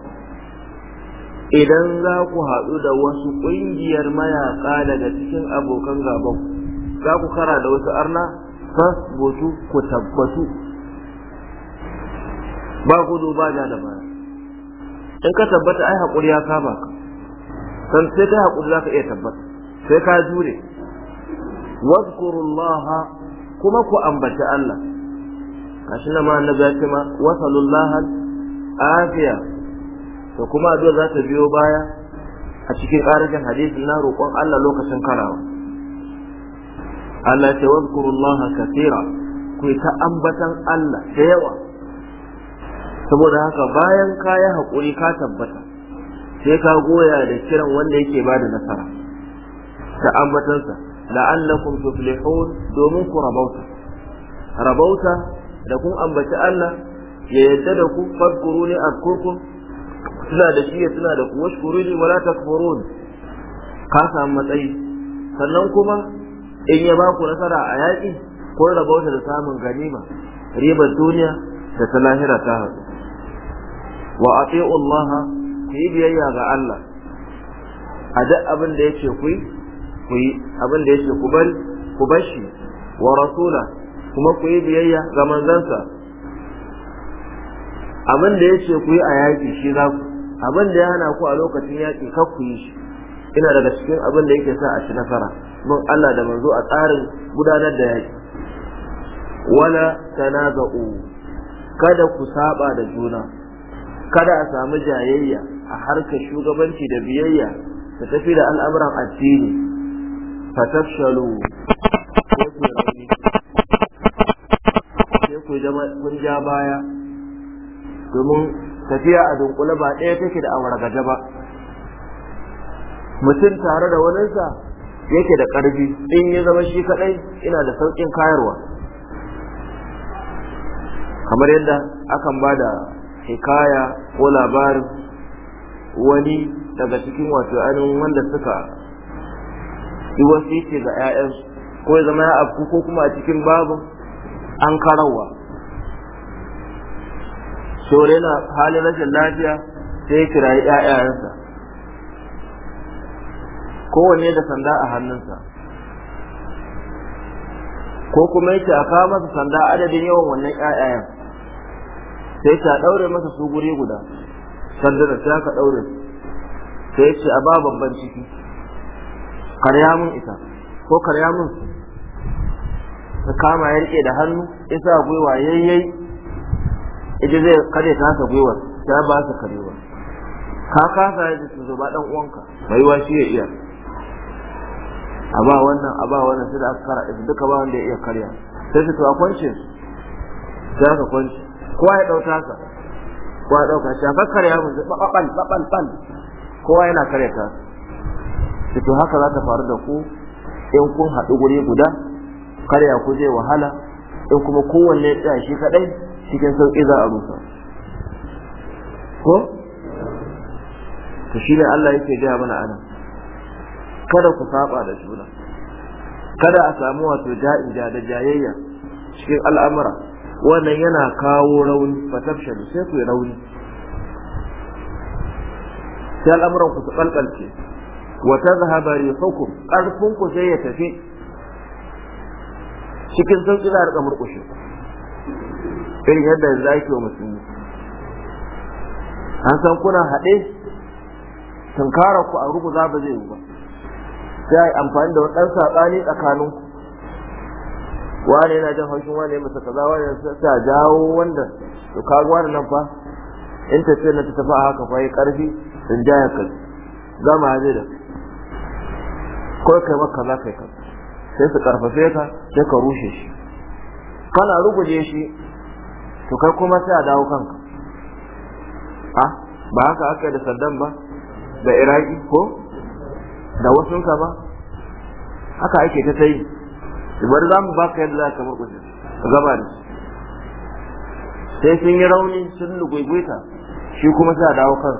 idan za ku haɗu da wasu ƙungiyar mayaƙa daga cikin abokan gaban za ku kara da wasu arna fasbutu ku tabbatu ba gudu ba da da baya in ka tabbata ai haƙuri ya kama ka san sai ka haƙuri za ka iya tabbata sai ka jure wazkurullaha kuma ku ambaci Allah kashi na ma annabi ya ma wasalullaha afiya da kuma addu'a za ta biyo baya a cikin ƙarashin hadisin na roƙon Allah lokacin karawa Allah ce wadkurullaha kafira, ku ta ambatan Allah da yawa saboda haka bayan ka yi haƙuri ka tabbata sai ka goya da kiran wanda yake ba da nasara ta ambatansa la'allakum tuflihun domin ku rabauta rabauta da kun ambaci Allah ya yadda da ku fadkuru ne azkurkum suna da shi suna da ku washkuru ne wala takfurun ka samu matsayi sannan kuma in ya ba ku nasara a yaƙi ko rabauta da samun ganima ribar duniya da ta lahira ta haɗu wa ati'u Allah ku yi biyayya ga Allah a duk abin da yake ku ku yi abin da yake ku bar ku bashi wa rasula kuma ku yi biyayya ga manzansa abin da yake ku yi a yaƙi shi za ku abin da ya hana ku a lokacin yaƙi kar ku yi shi ina daga cikin abin da yake sa a ci nasara bin Allah da manzo a tsarin gudanar da yaki wala tanaza'u kada ku saba da juna kada a samu jayayya a harkar shugabanci da biyayya ta tafi da al'amuran addini fatafshalu sai ku kun ja baya domin tafiya a dunkule ba ɗaya take da awargaje ba mutum tare da waninsa yake da ƙarfi in ya zama shi kaɗai ina da sauƙin kayarwa kamar yadda akan ba da hikaya ko labarin wani daga cikin wato ainihin wanda suka yi wasiti ga 'ya'yansu ko ya zama ya afku ko kuma a cikin babu an karawa sore na halin rashin lafiya sai ya kirayi 'ya'yansa kowanne da sanda a hannunsa ko kuma yace a kawo masa sanda adadin yawan wannan ƴaƴayen sai ta daure masa su guri guda sanda da ta ka daure sai yace a ba babban ciki karya mun ita ko karya mun ka kama ya rike da hannu ya sa gwiwa yayyai ita zai kare ta sa gwiwar ta ba sa karewa ka kasa ya su zo ba dan uwanka mai washi shi ya iya a ba wannan a ba wannan sai da aka kara ɗin duka ba wanda ya iya karya sai su to kwanci kwance sai aka kwanci kowa ya ɗauka sa kowa ya ɗauka shi a kakkar ya musu ɓaɓɓan ɓaɓɓan ɓan kowa yana karya ta su to haka za ta faru da ku in kun haɗu guri guda karya ku zai wahala in kuma kowanne ya tsaya shi kaɗai cikin sauƙi za a rusa ko to shi ne Allah yake gaya mana anan kada ku saba da juna kada a samu wato ja'in ja da jayayya cikin al'amura wannan yana kawo rauni fatafshal sai ku rauni sai al'amuran ku su kalkalce wa tazhaba rihukum karfin ku sai ya tafi cikin sauki za a rika murƙushe irin yadda yanzu ake wa musulmi an san kuna haɗe tunkara ku a ruguza ba zai yi ba sai yi amfani da wadan sabani tsakanin wani yana jin haushin wani ya masa kaza wani sai jawo wanda to ka gwara nan fa in ta ce na ta tafi a haka fa yi karfi in jaya kai zama zai da ko kai maka za kai kai sai su karfafe ka sai ka rushe shi kana ruguje shi to kai kuma sai a dawo kanka ha ba haka aka da saddam ba da iraki ko da wasunsa ba haka ake ta sai bari za mu baka yadda za ka murƙushe ka gaba da sai sun yi rauni sun lugwaigwaita shi kuma sai a dawo kan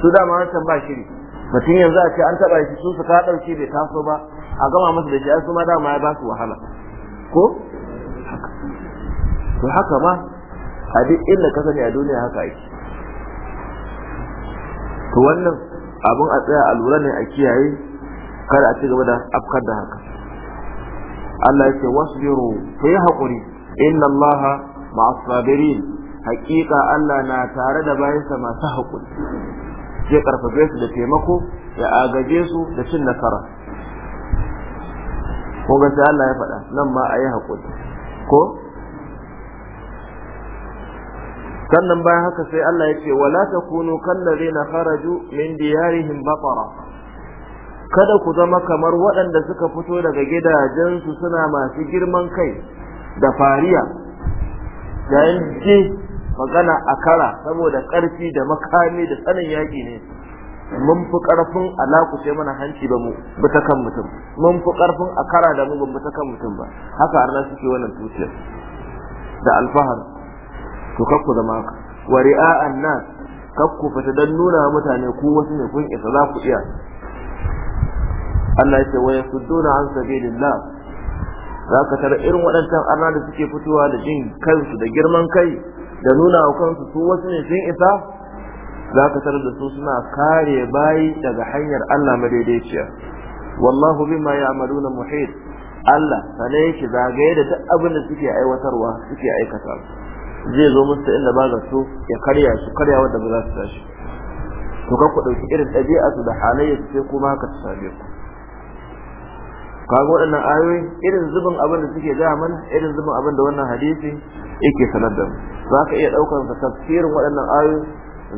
su dama wancan ba shiri mutum yanzu a ce an taɓa shi su su ka ɗauke bai taso ba a gama masa da shi ai kuma dama ya ba su wahala ko to haka ma a duk inda ka sani a duniya haka ake to wannan abin a tsaya a ne a kiyaye kada a ci gaba da afkar da haka Allah ya ce wasbiru ku yi haƙuri inna Allah ma'as sabirin haƙiƙa Allah na tare da bayansa masu haƙuri zai karfafe su da taimako ya agaje su da cin nasara ko ga sai Allah ya faɗa nan ma a yi haƙuri ko sannan bayan haka sai Allah ya ce wala takunu kallazina kharaju min diyarihim batara kada ku zama kamar waɗanda suka fito daga gidajensu suna masu girman kai da fariya yayin je magana a kara saboda ƙarfi da makami da tsanin yaƙi ne mun fi ƙarfin sai mana hanci ba mu bi kan mutum mun fi ƙarfin a da mu ba ta kan mutum ba haka arna suke wannan tutiyar da alfahar to kakku zama haka wa ri'a'an nas kakku fata dan nuna mutane ku wasu ne kun isa za ku iya Allah ya ce wa yasudduna an sabilillah za ka tara irin waɗancan arna da suke fitowa da jin kansu da girman kai da nuna wa kansu su wasu ne sun isa za ka tara da su suna kare bayi daga hanyar Allah madaidaiciya wallahu bima ya'maluna muhit Allah sane yake zagaye da duk abin da suke aiwatarwa suke aikata zai zo musu inda ba za su ya karya su karya wanda ba za su tashi to kan ku dauki irin ɗabi'a su da halayya su sai kuma haka ta same ku kaga waɗannan ayoyi irin zubin abin da suke gaya mana irin zubin abin da wannan hadisi yake sanar da mu za ka iya daukar tafsirin waɗannan ayoyi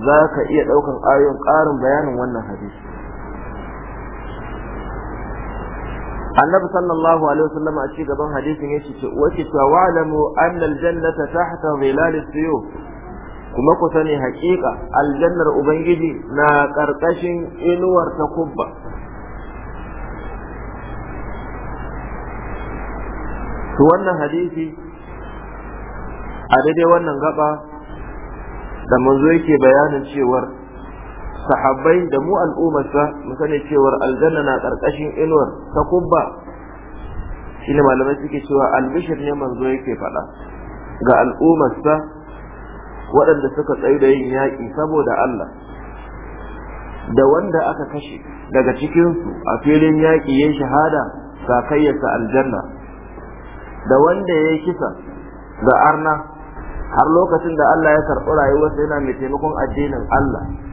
za ka iya ɗaukan ayoyin ƙarin bayanin wannan hadisi annabi sallallahu alaihi wasallam a cigaban hadisin yace ce wace tawalamu anna aljannata tahta zilal as-suyuf kuma ku sani haƙiƙa aljannar ubangiji na ƙarƙashin inuwar ta kubba to wannan hadisi a daidai wannan gaba da manzo yake bayanin cewar sahabbai da mu al'ummarsa musane sani cewar aljanna na karkashin inuwar ta kubba shine malamai suke cewa albishir ne manzo yake faɗa ga al'ummarsa waɗanda suka tsayu da yin yaƙi saboda Allah da wanda aka kashe daga cikinsu a filin yaƙi ya shahada sakayyarsa aljanna da wanda ya yi kisa ga arna har lokacin da Allah ya karɓi rayuwarsa yana mai taimakon addinin Allah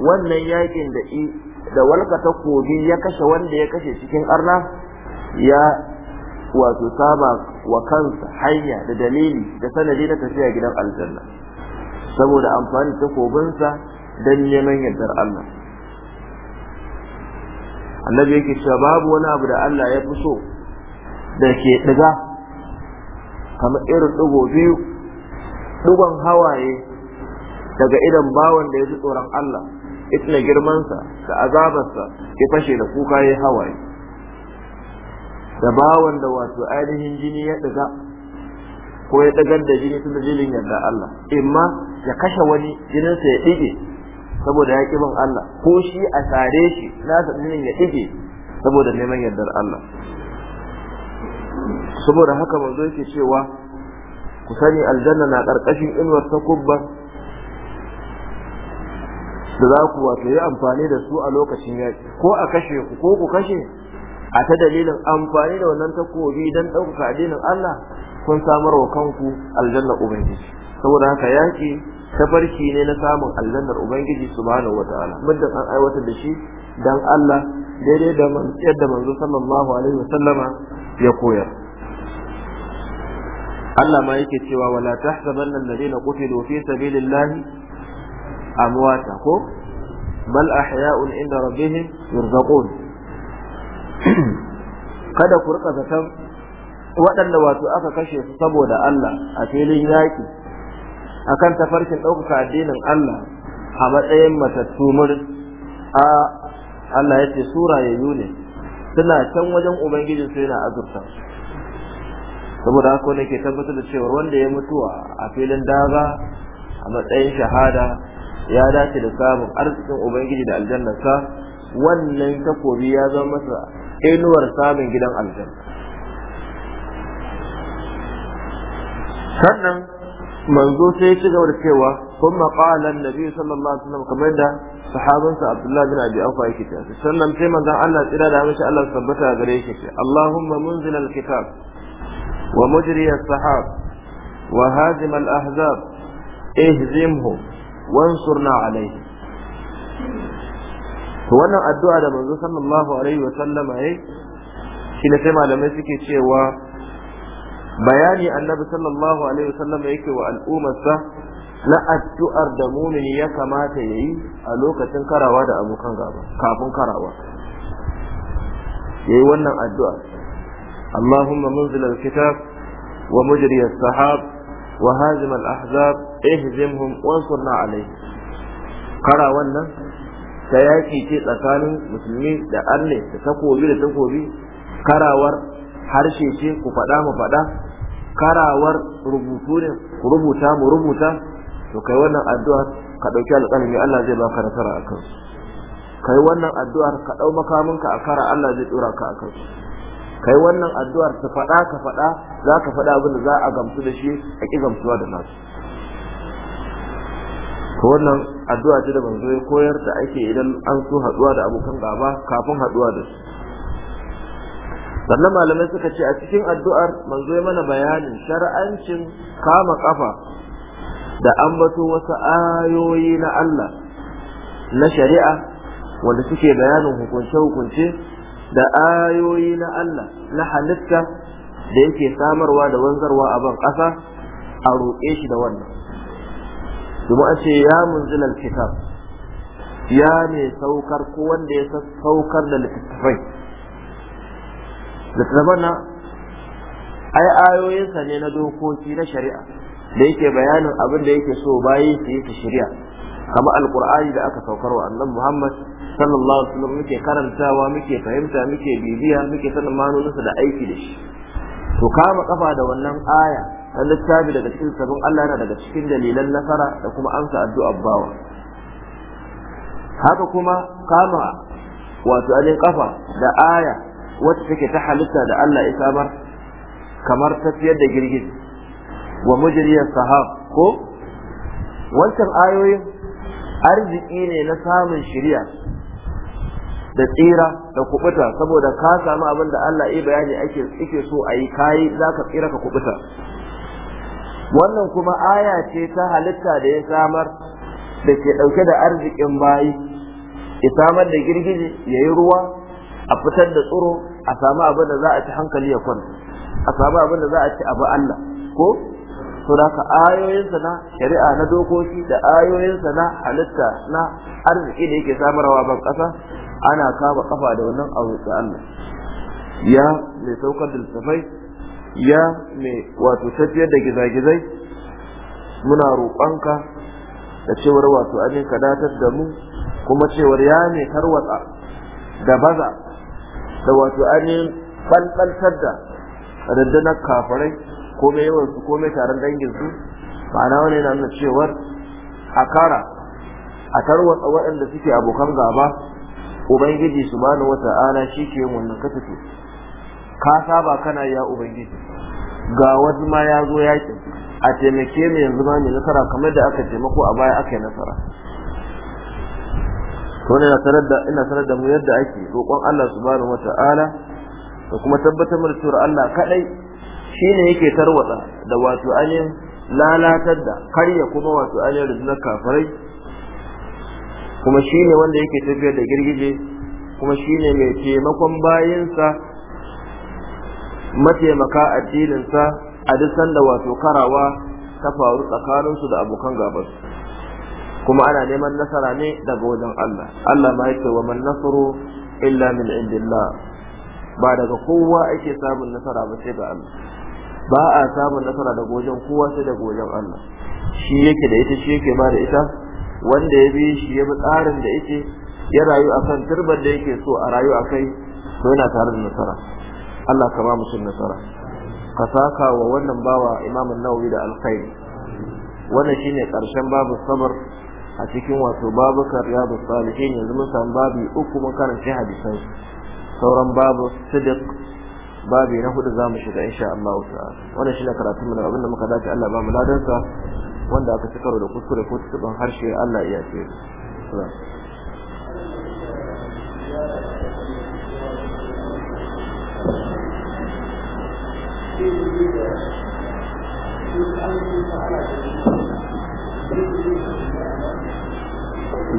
wannan yakin da i da walkata kogi ya kashe wanda ya kashe cikin arna ya wato saba wa kansa hanya da dalili da sanadi da tafiya gidan aljanna saboda amfani ta kobansa don neman yardar Allah annabi yake cewa babu wani abu da Allah ya fi so da ke ɗiga kamar irin ɗigo biyu ɗigon hawaye daga idan bawan da ya ji tsoron Allah itna girmansa da azabarsa ya fashe da kuka ya hawaye da bawan da wato ainihin jini ya daga ko ya ɗagar da jini tun da jinin yarda Allah imma ya kashe wani jininsa ya ɗige saboda ya bin Allah ko shi a sare shi nasa jinin ya ɗige saboda neman yardar Allah saboda haka manzo yake cewa ku sani aljanna na ƙarƙashin inuwar takubba da za ku wato yi amfani da su a lokacin yaki ko a kashe ku ko ku kashe a ta dalilin amfani da wannan takobi don ɗaukaka addinin Allah kun samar wa kanku aljannar ubangiji saboda haka yaki tafarki ne na samun aljannar ubangiji subhanahu wataala muddin an aiwatar da shi dan Allah daidai da yadda manzo sallallahu alaihi wasallama ya koyar Allah ma yake cewa wala tahsabanna alladhina qutilu fi sabilillahi amwata ko bal ahya'un inda rabbihim yurzaqun kada ku rika zaton waɗanda wato aka kashe su saboda Allah a filin yaƙi akan tafarkin ɗaukaka addinin Allah a matsayin matattu a Allah ya ce sura ya ne suna can wajen ubangijin su yana azurta saboda haka wanda ke tabbatar da cewa wanda ya mutuwa a filin daga a matsayin shahada ya dace da samun arzikin ubangiji da aljannarsa wannan takobi ya zama masa inuwar samun gidan aljanna sannan manzo sai ya ci gaba da cewa kun maƙala nabi sallallahu alaihi wasallam kamar da abdullahi bin abi aufa yake ta sannan sai manzon Allah tsira da mashi Allah tabbata gare shi ce Allahumma munzil al-kitab wa mujri sahab wa hazim al-ahzab ihzimhum wansurna alaihi to wannan addu'a da manzo sallallahu alaihi wa sallama yayi ne sai malamai suke cewa bayani annabi sallallahu alaihi wa sallama yake wa sa na addu'ar da mumini ya kamata yayi a lokacin karawa da abokan gaba kafin karawa yayi wannan addu'a Allahumma munzil al-kitab wa mujri sahab wa hazim ahzab ihzimhum wansurna alaihi kara wannan ta yaki ce tsakanin musulmi da arne da takobi da takobi karawar harshe ce ku faɗa mu faɗa karawar rubutu ne ku rubuta mu rubuta to kai wannan addu'ar ka ɗauki alƙalami Allah zai baka nasara akan su kai wannan addu'ar ka ɗau makaminka a kara Allah zai ɗora ka akan su kai wannan addu'ar ta faɗa ka faɗa za ka faɗa abin da za a gamsu da shi a ƙi gamsuwa da nasu to wannan addu'a ce da manzo ya koyar da ake idan an so haduwa da abokan gaba kafin haduwa da su sannan malamai suka ce a cikin addu'ar manzo ya mana bayanin shar'ancin kama kafa da ambato wasu ayoyi na Allah na shari'a wanda suke bayanin hukunce-hukunce da ayoyi na Allah na halitta da yake samarwa da wanzarwa a ban ƙasa a roƙe shi da wannan kuma a ce ya munzila kitab ya ne saukar ko wanda ya saukar da littattafai littattafan na ai ayoyinsa ne na dokoki na shari'a da yake bayanin abin da yake so bayan su yi su shari'a kama alkur'ani da aka saukar wa annan muhammad sallallahu alaihi wasallam muke karantawa muke fahimta muke bibiya muke sanin manoninsa da aiki da shi to kama kafa da wannan aya dan littafi daga cikin sabon Allah yana daga cikin dalilan nasara da kuma ansa addu'ar bawa haka kuma kama wato alin kafa da aya wacce take ta halitta da Allah ya samar kamar tafiyar da girgin wa mujriyas sahab ko wancan ayoyin arziki ne na samun shirya da tsira da kubuta saboda ka samu abin da Allah ya bayani ake so a yi kayi za ka tsira ka kubuta wannan kuma aya ce ta halitta da ya samar da ke ɗauke da arzikin bayi ya samar da girgije ya yi ruwa a fitar da tsoro, a samu abin da za a ci hankali ya kwanta a samu abin da za a ci abu Allah ko to da ka ayoyinsa na shari'a na dokoki da ayoyinsa na halitta na arziki da yake samarwa ban ƙasa ana kama kafa da wannan abu da Allah ya mai saukar da littafai ya mai wato tafiyar da gizagizai muna roƙonka da cewar wato an ka datar da mu kuma cewar ya mai tarwatsa da baza da wato amin ɓalɓaltar da rundunar kafirai ko mai yawansu ko mai taron danginsu ma'ana wani yana nuna cewar a kara a tarwatsa waɗanda suke abokan gaba ubangiji subhanahu wata'ala shi ke yin wannan katafi ka saba kana ya ubangiji ga wani ma ya zo yakin a taimake mu yanzu ba mai nasara kamar da aka taimako a baya aka yi nasara to ne ina sanar da mu yadda ake roƙon Allah subhanahu wata'ala da kuma tabbatar da cewa Allah kadai shine yake tarwatsa da wato ayin lalatar da karya kuma wato ayin rundunar kafirai kuma shine wanda yake tafiyar da girgije kuma shine mai taimakon bayinsa mataimaka sa a duk sanda wato karawa ta faru tsakaninsu da abokan gabansu kuma ana neman nasara ne daga wajen Allah Allah ma yake wa man nasru illa min indillah ba daga kowa ake samun nasara ba sai ga Allah ba a samun nasara daga wajen kowa sai daga wajen Allah shi yake da ita shi yake ba da ita wanda ya bi shi ya bi tsarin da yake ya rayu akan turban da yake so a rayu akai to yana tare da nasara Allah ka ba mu sun nasara ka saka wa wannan bawa Imam Nawawi da Al-Qayyim wannan shine karshen babu sabar a cikin wato babu karyabu salihin yanzu mun san babi uku mun shi hadisan sauran babu sidiq babu na hudu zamu shiga insha Allah ta'ala wannan shine karatun mu na abinda muka dace Allah ba mu ladansa wanda aka ci karo da kuskure ko tsiban harshe Allah ya tsare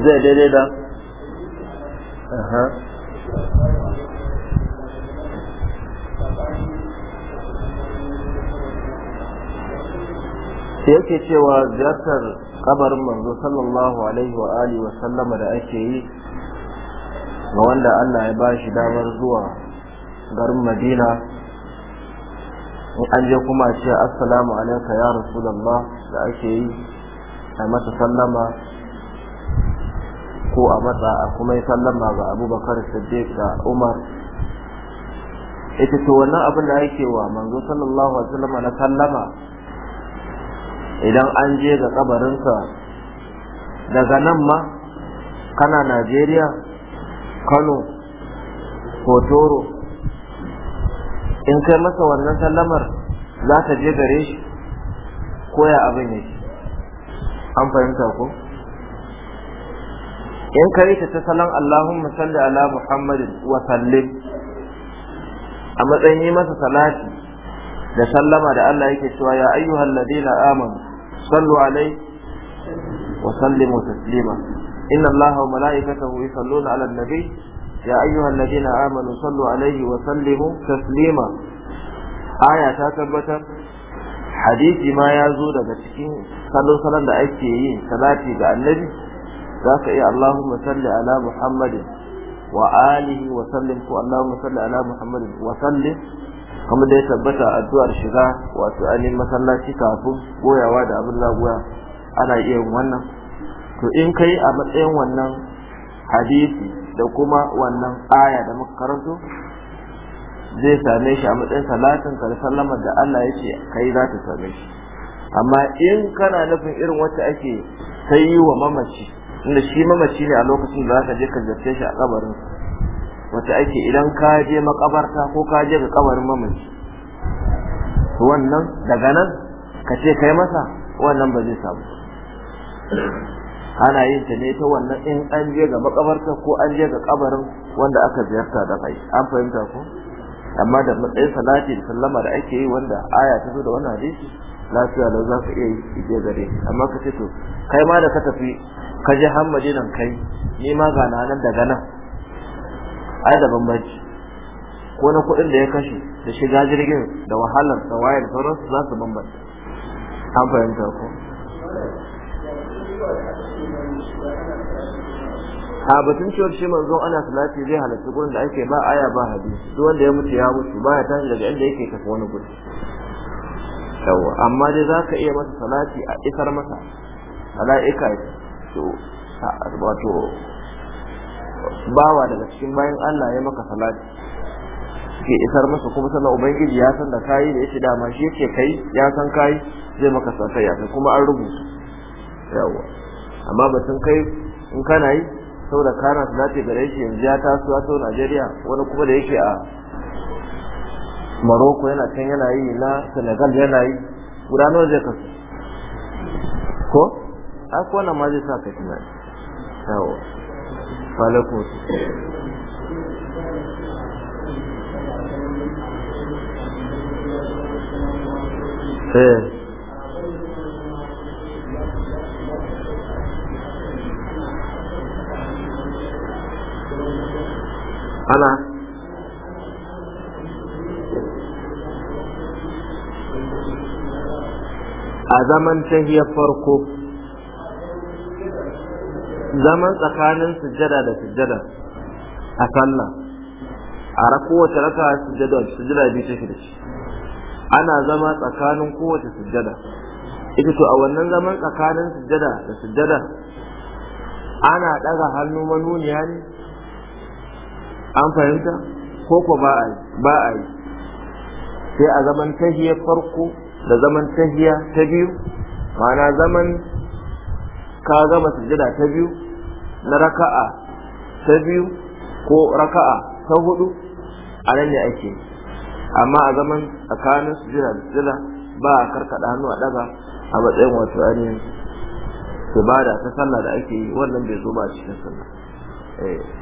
zai daidai da sai yake cewa ziyartar kabarin manzo sallallahu alaihi wa alihi wa sallama da ake yi ga wanda Allah ya ba shi damar zuwa garin Madina in an je kuma ce assalamu alaikum ya rasulullah da ake yi a masa sallama ko a matsa a kuma yi sallama ga abubakar siddiq da umar ita ce wannan abin da ake wa manzo sallallahu alaihi wasallam na sallama idan an je ga kabarinsa daga nan ma kana Najeriya Kano toro in kai masa wannan sallamar za ta je gare shi koya abin yake an fahimta ko in ka yi ta ta salon Allahumma salli ala Muhammadin wa sallim a matsayin yi masa salati da sallama da Allah yake cewa ya ayyuhal ladina amanu sallu alai wa sallimu taslima inna Allaha wa mala'ikatahu yusalluna ala nabi يا أيها الذين آمنوا صلوا عليه وسلموا تسليما آية تثبت حديث ما يزود بتكين صلوا صلاة أكيين صلاتي بالنبي ذاك يا اللهم صل على محمد وآله وسلم اللهم صل على محمد وسلم كما دي ya tabbata الشغاء shiga wato ainihin masallaci kafin goyawa da abin lagoya ana iya yin wannan to in kai a matsayin wannan da kuma wannan aya da muka karanto zai same shi a matsayin salatin ka da da Allah ya ce kai za ta same shi amma in kana nufin irin wacce ake ta yi wa mamaci inda shi mamaci ne a lokacin da zaka je ka zarce shi a kabarin wacce ake idan ka je makabarta ko ka je ga kabarin mamaci wannan daga nan ka ce kai masa wannan ba zai samu ana yin ta ne ta wannan in an je ga makabarta ko an je ga kabarin wanda aka ziyarta da kai an fahimta ko amma da matsayin salati da sallama da ake yi wanda aya ta zo da wannan hadisi lafiya da za ka iya yi je gare amma ka ce to kai ma da ka tafi ka je har madinan kai ni ma ga nan daga nan ai da bambanci ko na kuɗin da ya kashe da shiga jirgin da wahalar da wayar sauransu za su bambanta an fahimta ko a batun cewar shi manzo ana salati zai halarci gurin da ake ba aya ba hadisi duk wanda ya mutu ya mutu ba ya tashi daga inda yake tafi wani guri yawa amma dai za ka iya masa salati a isar masa mala'ika wato bawa daga cikin bayan Allah ya maka salati ke isar masa kuma sannan ubangiji ya san da kayi da yake dama shi yake kai ya san kayi zai maka ya kuma an rubuta yawa amma sun kai in kana yi saboda kana su dace gare shi yanzu ya taso ya taso Najeriya wani kuma da yake a Maroko yana can yana yi na Senegal yana yi guda nawa zai kasu ko ai ko wannan ma zai sa ka tunani yawa falakun Yeah. ana a zaman tahiyar farko zaman tsakanin sujjada da sujjada a sallah a kowace raka sujjada sujjada biyu take da shi ana zama tsakanin kowace sujjada ita to a wannan zaman tsakanin sujjada da sujjada ana ɗaga hannu manuniya ne an fahimta ko ko ba a ba a yi sai a zaman tahiyar farko da zaman tahiya ta biyu ma'ana zaman ka gama sujada ta biyu na raka'a ta biyu ko raka'a ta hudu a nan ne ake amma a zaman tsakanin jira da ba a karkada hannu a daga a matsayin wato ainihin ibada ta sallah da ake yi wannan bai zo ba a cikin sallah eh.